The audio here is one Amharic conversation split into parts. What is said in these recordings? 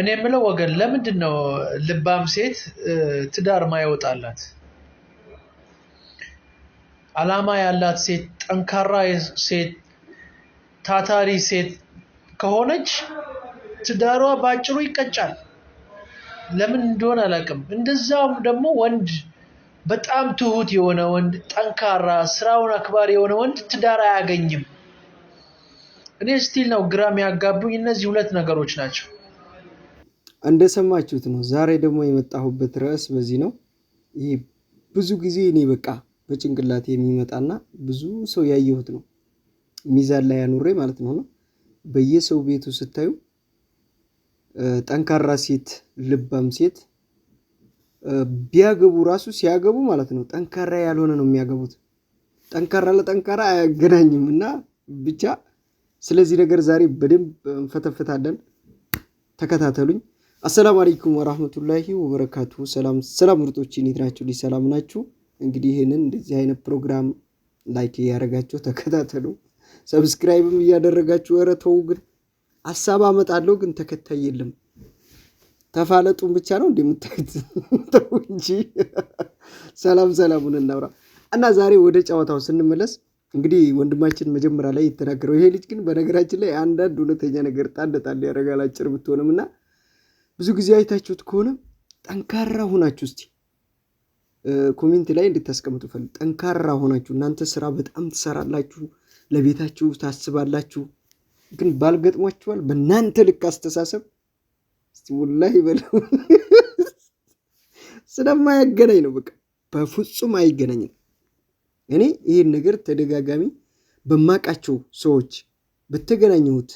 እኔ የምለው ወገን ለምንድን ነው ልባም ሴት ትዳር ማይወጣላት? አላማ ያላት ሴት፣ ጠንካራ ሴት፣ ታታሪ ሴት ከሆነች ትዳሯ በአጭሩ ይቀጫል። ለምን እንደሆነ አላውቅም። እንደዛም ደግሞ ወንድ በጣም ትሁት የሆነ ወንድ፣ ጠንካራ ስራውን አክባሪ የሆነ ወንድ ትዳር አያገኝም። እኔ ስቲል ነው ግራ የሚያጋቡኝ እነዚህ ሁለት ነገሮች ናቸው። እንደሰማችሁት ነው። ዛሬ ደግሞ የመጣሁበት ርዕስ በዚህ ነው። ይህ ብዙ ጊዜ እኔ በቃ በጭንቅላት የሚመጣና ብዙ ሰው ያየሁት ነው። ሚዛን ላይ ያኑሬ ማለት ነው። በየሰው ቤቱ ስታዩ ጠንካራ ሴት፣ ልባም ሴት ቢያገቡ ራሱ ሲያገቡ ማለት ነው ጠንካራ ያልሆነ ነው የሚያገቡት። ጠንካራ ለጠንካራ አያገናኝም እና ብቻ ስለዚህ ነገር ዛሬ በደንብ እንፈተፍታለን። ተከታተሉኝ። አሰላሙ አለይኩም ወራህመቱላሂ ወበረካቱ። ሰላም ሰላም ምርጦች እንዴት ናችሁ? ሰላም ናችሁ? እንግዲህ ይህንን እንደዚህ አይነት ፕሮግራም ላይክ እያደረጋችሁ ተከታተሉ፣ ሰብስክራይብም እያደረጋችሁ። ኧረ ተው ግን ሀሳብ አመጣለሁ ግን ተከታይ የለም። ተፋለጡን ብቻ ነው እንደምታዩት። ተው እንጂ ሰላም ሰላሙን እናውራ እና ዛሬ ወደ ጨዋታው ስንመለስ እንግዲህ ወንድማችን መጀመሪያ ላይ የተናገረው ይሄ ልጅ ግን በነገራችን ላይ አንዳንድ እውነተኛ ነገር ጣል ጣል ያደርጋል አጭር ብትሆንም እና ብዙ ጊዜ አይታችሁት ከሆነ ጠንካራ ሆናችሁ እስቲ ኮሜንት ላይ እንድታስቀምጡ ፈል ጠንካራ ሆናችሁ እናንተ ስራ በጣም ትሰራላችሁ፣ ለቤታችሁ ታስባላችሁ። ግን ባልገጥሟችኋል በእናንተ ልክ አስተሳሰብ ወላሂ በለው ስለማያገናኝ ነው። በቃ በፍጹም አይገናኝም። እኔ ይህን ነገር ተደጋጋሚ በማቃቸው ሰዎች በተገናኘሁት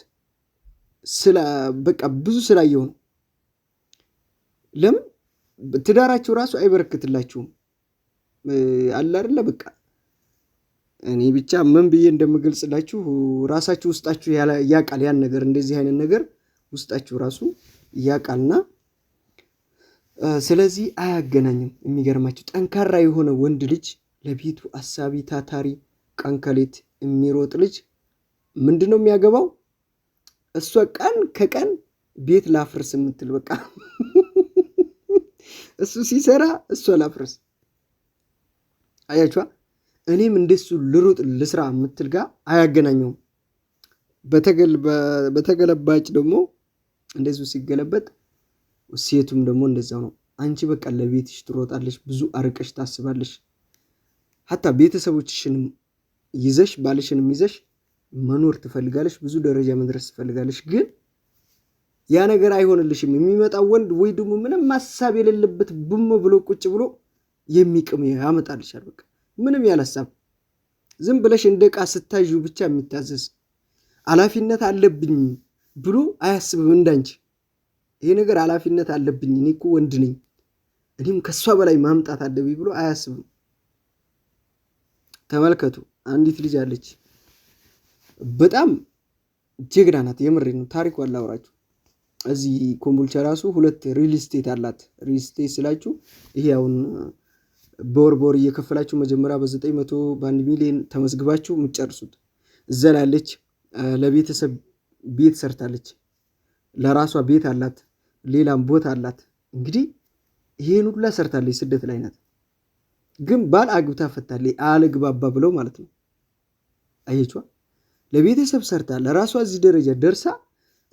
በቃ ብዙ ስላየሁ ነው ለምን ትዳራችሁ ራሱ አይበረክትላችሁም። አላርለ በቃ እኔ ብቻ ምን ብዬ እንደምገልጽላችሁ ራሳችሁ ውስጣችሁ ያቃል ያን ነገር እንደዚህ አይነት ነገር ውስጣችሁ ራሱ ያቃልና ስለዚህ አያገናኝም። የሚገርማችሁ ጠንካራ የሆነ ወንድ ልጅ ለቤቱ አሳቢ፣ ታታሪ፣ ቀን ከሌት የሚሮጥ ልጅ ምንድን ነው የሚያገባው? እሷ ቀን ከቀን ቤት ላፍርስ የምትል በቃ እሱ ሲሰራ እሷ ላፍርስ። አያችኋ፣ እኔም እንደሱ ልሩጥ ልስራ የምትል ጋር አያገናኘውም። በተገለባጭ ደግሞ እንደዚሁ ሲገለበጥ ሴቱም ደግሞ እንደዛው ነው። አንቺ በቃ ለቤትሽ ትሮጣለሽ፣ ብዙ አርቀሽ ታስባለሽ። ሀታ ቤተሰቦችሽንም ይዘሽ ባልሽንም ይዘሽ መኖር ትፈልጋለሽ፣ ብዙ ደረጃ መድረስ ትፈልጋለሽ ግን ያ ነገር አይሆንልሽም። የሚመጣው ወንድ ወይ ደግሞ ምንም ሀሳብ የሌለበት ብም ብሎ ቁጭ ብሎ የሚቅም ያመጣልሻል። በቃ ምንም ያለ ዝም ብለሽ እንደ ዕቃ ስታዥ ብቻ የሚታዘዝ ኃላፊነት አለብኝ ብሎ አያስብም እንዳንቺ። ይሄ ነገር ኃላፊነት አለብኝ እኔ እኮ ወንድ ነኝ እኔም ከእሷ በላይ ማምጣት አለብኝ ብሎ አያስብም። ተመልከቱ፣ አንዲት ልጅ አለች። በጣም ጀግና ናት። የምሬ ነው። ታሪኳ አላውራችሁ እዚህ ኮምቦልቻ ራሱ ሁለት ሪል ስቴት አላት። ሪል ስቴት ስላችሁ ይሄ አሁን በወር በወር እየከፈላችሁ መጀመሪያ በዘጠኝ መቶ በአንድ ሚሊዮን ተመዝግባችሁ የምትጨርሱት እዛ ላለች ለቤተሰብ ቤት ሰርታለች። ለራሷ ቤት አላት፣ ሌላም ቦታ አላት። እንግዲህ ይሄን ሁላ ሰርታለች። ስደት ላይ ናት፣ ግን ባል አግብታ ፈታለች። አልግባባ ብለው ማለት ነው። አየችዋ። ለቤተሰብ ሰርታ ለራሷ እዚህ ደረጃ ደርሳ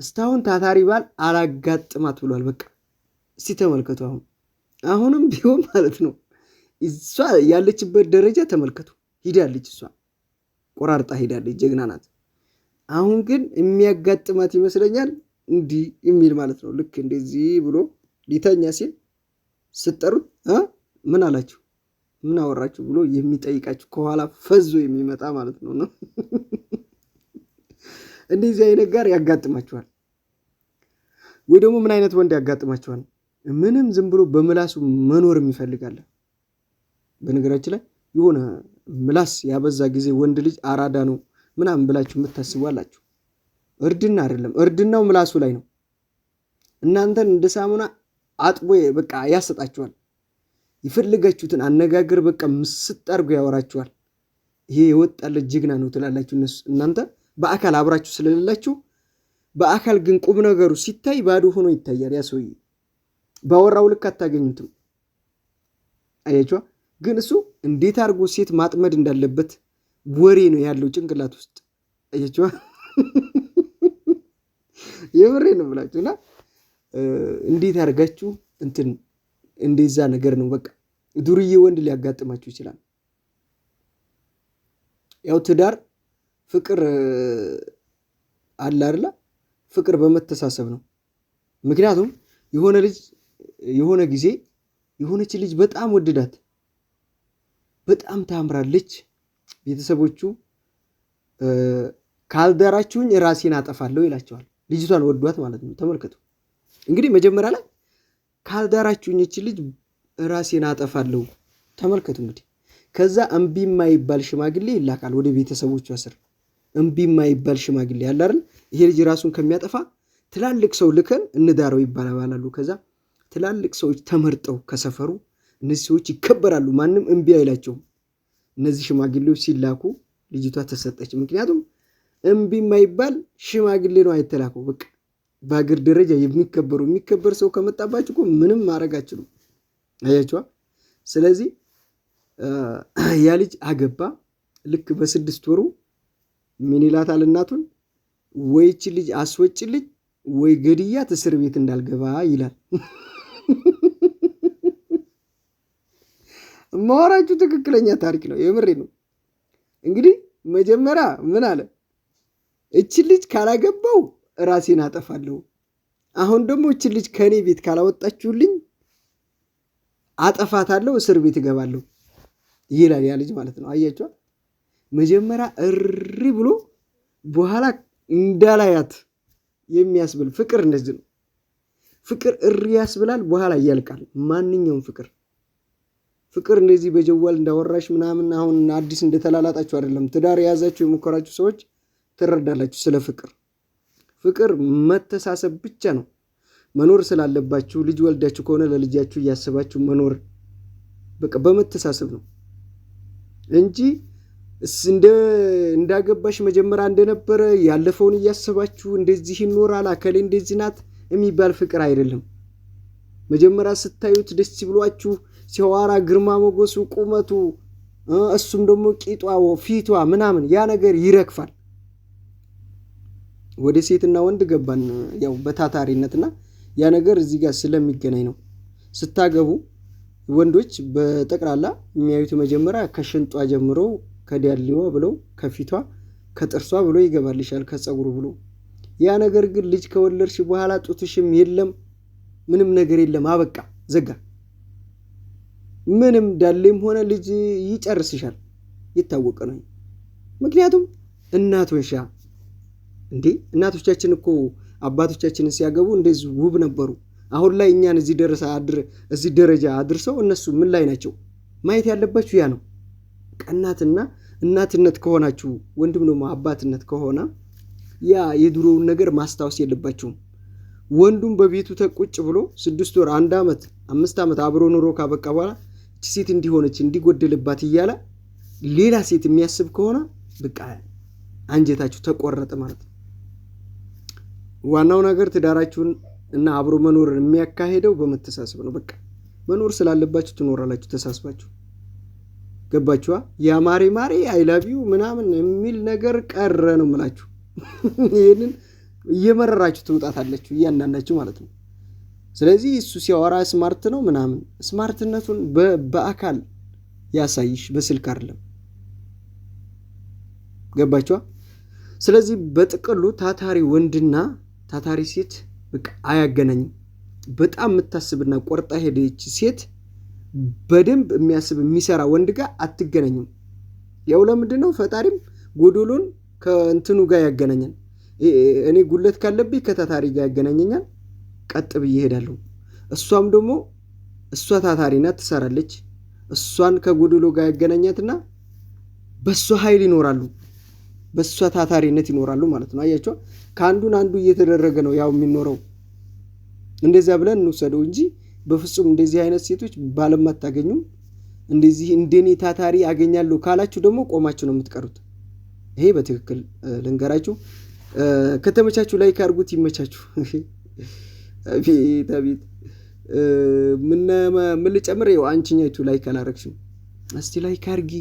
እስታሁን ታታሪ ባል አላጋጥማት ብሏል። በቃ እስቲ ተመልከቱ። አሁን አሁንም ቢሆን ማለት ነው እሷ ያለችበት ደረጃ ተመልከቱ። ሂዳለች፣ እሷ ቆራርጣ ሂዳለች። ጀግና ናት። አሁን ግን የሚያጋጥማት ይመስለኛል እንዲህ የሚል ማለት ነው። ልክ እንደዚህ ብሎ ሊተኛ ሲል ስጠሩት ምን አላችሁ ምን አወራችሁ ብሎ የሚጠይቃችሁ ከኋላ ፈዞ የሚመጣ ማለት ነው ነው እንደዚህ አይነት ጋር ያጋጥማቸዋል። ወይ ደግሞ ምን አይነት ወንድ ያጋጥማቸዋል? ምንም ዝም ብሎ በምላሱ መኖር የሚፈልጋለ። በነገራችን ላይ የሆነ ምላስ ያበዛ ጊዜ ወንድ ልጅ አራዳ ነው ምናምን ብላችሁ የምታስቡ አላችሁ። እርድና አይደለም፣ እርድናው ምላሱ ላይ ነው። እናንተን እንደ ሳሙና አጥቦ በቃ ያሰጣችኋል። የፈለጋችሁትን አነጋገር በቃ ምስጥ አድርጎ ያወራችኋል። ይሄ የወጣለት ጀግና ነው ትላላችሁ እናንተ በአካል አብራችሁ ስለሌላችሁ በአካል ግን ቁም ነገሩ ሲታይ ባዶ ሆኖ ይታያል። ያ ሰውዬ ባወራው ልክ አታገኙትም። አያችዋ። ግን እሱ እንዴት አድርጎ ሴት ማጥመድ እንዳለበት ወሬ ነው ያለው ጭንቅላት ውስጥ። አያችዋ። የምሬ ነው ብላችሁ እና እንዴት አድርጋችሁ እንትን እንደዛ ነገር ነው በቃ ዱርዬ ወንድ ሊያጋጥማችሁ ይችላል። ያው ትዳር ፍቅር አለ አይደለ ፍቅር በመተሳሰብ ነው። ምክንያቱም የሆነ ልጅ የሆነ ጊዜ የሆነች ልጅ በጣም ወደዳት በጣም ታምራለች። ቤተሰቦቹ ካልዳራችሁኝ ራሴን አጠፋለሁ ይላቸዋል። ልጅቷን ወዷት ማለት ነው። ተመልከቱ እንግዲህ መጀመሪያ ላይ ካልዳራችሁኝ ልጅ ራሴን አጠፋለሁ። ተመልከቱ እንግዲህ ከዛ እምቢ የማይባል ሽማግሌ ይላካል ወደ ቤተሰቦቿ ስር እምቢ የማይባል ሽማግሌ አለ አይደል? ይሄ ልጅ ራሱን ከሚያጠፋ ትላልቅ ሰው ልከን እንዳረው ይባላባላሉ። ከዛ ትላልቅ ሰዎች ተመርጠው ከሰፈሩ እነዚህ ሰዎች ይከበራሉ፣ ማንም እምቢ አይላቸውም። እነዚህ ሽማግሌዎች ሲላኩ ልጅቷ ተሰጠች። ምክንያቱም እምቢ የማይባል ሽማግሌ ነው አይተላከው። በቃ በአገር ደረጃ የሚከበሩ የሚከበር ሰው ከመጣባቸው እኮ ምንም ማድረግ አችሉም። አያችዋ። ስለዚህ ያ ልጅ አገባ ልክ በስድስት ወሩ ምን ይላታል እናቱን? ወይች ልጅ አስወጭልኝ ወይ ገድያት እስር ቤት እንዳልገባ ይላል። ማወራችሁ ትክክለኛ ታሪክ ነው። የምሬ ነው። እንግዲህ መጀመሪያ ምን አለ? እች ልጅ ካላገባው ራሴን አጠፋለሁ። አሁን ደግሞ እች ልጅ ከእኔ ቤት ካላወጣችሁልኝ አጠፋታለሁ፣ እስር ቤት እገባለሁ ይላል ያ ልጅ ማለት ነው። አያችኋል? መጀመሪያ እሪ ብሎ በኋላ እንዳላያት የሚያስብል ፍቅር እንደዚህ ነው። ፍቅር እሪ ያስብላል፣ በኋላ እያልቃል። ማንኛውም ፍቅር ፍቅር እንደዚህ በጀዋል እንዳወራሽ ምናምን አሁን አዲስ እንደተላላጣችሁ አይደለም። ትዳር የያዛችሁ የሞከራችሁ ሰዎች ትረዳላችሁ ስለ ፍቅር። ፍቅር መተሳሰብ ብቻ ነው። መኖር ስላለባችሁ ልጅ ወልዳችሁ ከሆነ ለልጃችሁ እያስባችሁ መኖር በቃ በመተሳሰብ ነው እንጂ እንዳገባሽ መጀመሪያ እንደነበረ ያለፈውን እያሰባችሁ እንደዚህ ይኖራል አከሌ እንደዚህ ናት የሚባል ፍቅር አይደለም። መጀመሪያ ስታዩት ደስ ብሏችሁ ሲያዋራ ግርማ መጎሱ ቁመቱ፣ እሱም ደግሞ ቂጧ፣ ፊቷ ምናምን ያ ነገር ይረግፋል። ወደ ሴትና ወንድ ገባን ያው በታታሪነትና ያ ነገር እዚህ ጋር ስለሚገናኝ ነው። ስታገቡ ወንዶች በጠቅላላ የሚያዩት መጀመሪያ ከሽንጧ ጀምሮ ከዳሌዋ ብለው ከፊቷ ከጥርሷ ብሎ ይገባልሻል ከፀጉሩ ብሎ ያ ነገር ግን ልጅ ከወለድሽ በኋላ ጡትሽም የለም ምንም ነገር የለም አበቃ ዘጋ ምንም ዳሌም ሆነ ልጅ ይጨርስሻል የታወቀ ነው ምክንያቱም እናቶሻ እንዴ እናቶቻችን እኮ አባቶቻችንን ሲያገቡ እንደዚህ ውብ ነበሩ አሁን ላይ እኛን እዚህ ደረጃ አድርሰው እነሱ ምን ላይ ናቸው ማየት ያለባችሁ ያ ነው ቀናትና እናትነት ከሆናችሁ ወንድም ደግሞ አባትነት ከሆነ ያ የድሮውን ነገር ማስታወስ የለባችሁም። ወንዱም በቤቱ ተቁጭ ብሎ ስድስት ወር አንድ ዓመት አምስት ዓመት አብሮ ኑሮ ካበቃ በኋላ እቺ ሴት እንዲሆነች እንዲጎደልባት እያለ ሌላ ሴት የሚያስብ ከሆነ በቃ አንጀታችሁ ተቆረጠ ማለት ነው። ዋናው ነገር ትዳራችሁን እና አብሮ መኖርን የሚያካሄደው በመተሳሰብ ነው። በቃ መኖር ስላለባችሁ ትኖራላችሁ ተሳስባችሁ። ገባችኋ? ያ ማሬ ማሬ አይላቢው ምናምን የሚል ነገር ቀረ ነው የምላችሁ። ይህንን እየመረራችሁ ትውጣታላችሁ እያንዳንዳችሁ ማለት ነው። ስለዚህ እሱ ሲያወራ ስማርት ነው ምናምን፣ ስማርትነቱን በአካል ያሳይሽ፣ በስልክ አይደለም። ገባችኋ? ስለዚህ በጥቅሉ ታታሪ ወንድና ታታሪ ሴት አያገናኝም። በጣም የምታስብና ቆርጣ ሄደች ሴት በደንብ የሚያስብ የሚሰራ ወንድ ጋር አትገናኝም። ያው ለምንድን ነው ፈጣሪም ጎዶሎን ከእንትኑ ጋር ያገናኛል። እኔ ጉለት ካለብኝ ከታታሪ ጋር ያገናኘኛል። ቀጥ ብዬ እሄዳለሁ። እሷም ደግሞ እሷ ታታሪ ናት፣ ትሰራለች። እሷን ከጎዶሎ ጋር ያገናኛትና በእሷ ኃይል ይኖራሉ፣ በእሷ ታታሪነት ይኖራሉ ማለት ነው። አያቸው ከአንዱን አንዱ እየተደረገ ነው ያው የሚኖረው። እንደዚያ ብለን እንውሰደው እንጂ በፍጹም እንደዚህ አይነት ሴቶች ባለም አታገኙም። እንደዚህ እንደኔ ታታሪ አገኛለሁ ካላችሁ ደግሞ ቆማችሁ ነው የምትቀሩት። ይሄ በትክክል ልንገራችሁ። ከተመቻችሁ ላይ ካርጉት፣ ይመቻችሁ። ቤት አቤት ምን ልጨምር? ይኸው ላይ ካላረግሽም እስቲ ላይ ካርጊ